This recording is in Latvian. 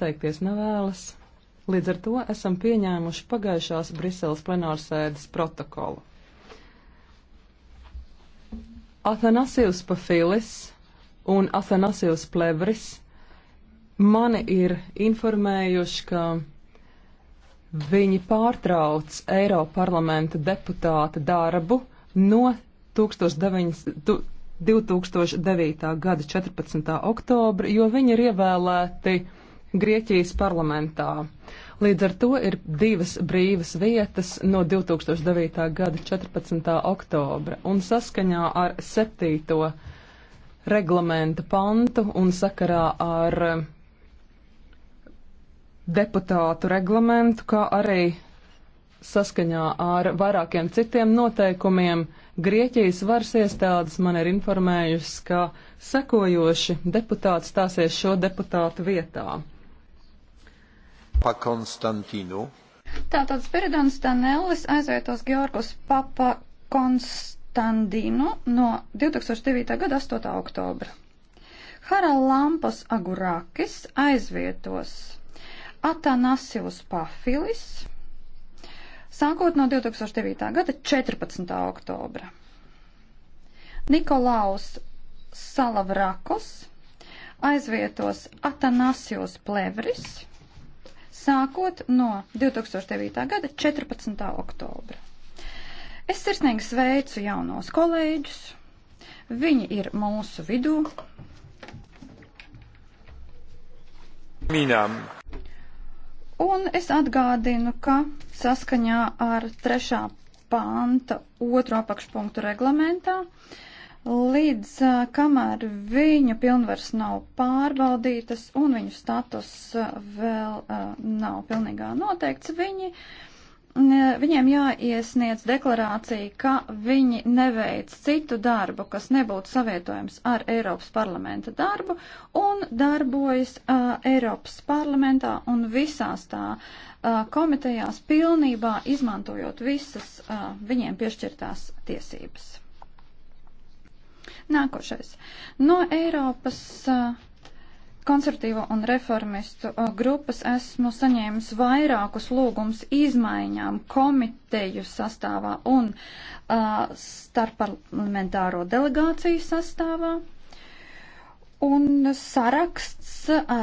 Teikties nevēlas. Līdz ar to esam pieņēmuši pagājušās Briseles plenārsēdes protokolu. Athanasijus Pafilis un Athanasijus Plevris mani ir informējuši, ka Viņi pārtrauc Eiropas parlamenta deputāta darbu no 2009. gada 14. oktobra, jo viņi ir ievēlēti Grieķijas parlamentā. Līdz ar to ir divas brīvas vietas no 2009. gada 14. oktobra un saskaņā ar 7. reglamenta pantu un sakarā ar eh, deputātu reglamentu, kā arī saskaņā ar vairākiem citiem noteikumiem Grieķijas varas iestādes man ir informējusi, ka sekojoši deputāti stāsies šo deputātu vietā pa Konstantinu. Tātad Spiridons Danellis aizvietos Georgus Papa Konstantinu no 2009. gada 8. oktobra. Haralampos Agurakis aizvietos Atanasivus Pafilis sākot no 2009. gada 14. oktobra. Nikolaus Salavrakos aizvietos Atanasijos Plevris sākot no 2009. gada 14. oktobra. Es sirsnīgi sveicu jaunos kolēģus. Viņi ir mūsu vidū. Mīnām. Un es atgādinu, ka saskaņā ar trešā panta otro apakšpunktu reglamentā uh, līdz kamēr viņu pilnvars nav pārbaudītas un viņu status vēl nav pilnīgā noteikts, viņi viņiem jāiesniedz deklarācija, ka viņi neveic citu darbu, kas nebūtu savietojams ar Eiropas parlamenta darbu, un darbojas uh, Eiropas parlamentā un visās tā uh, komitejās pilnībā izmantojot visas uh, viņiem piešķirtās tiesības. Nākošais. No Eiropas konservatīvo un reformistu grupas esmu saņēmis vairākus lūgums izmaiņām komiteju sastāvā un uh, starpparlamentāro delegāciju sastāvā. Un saraksts ar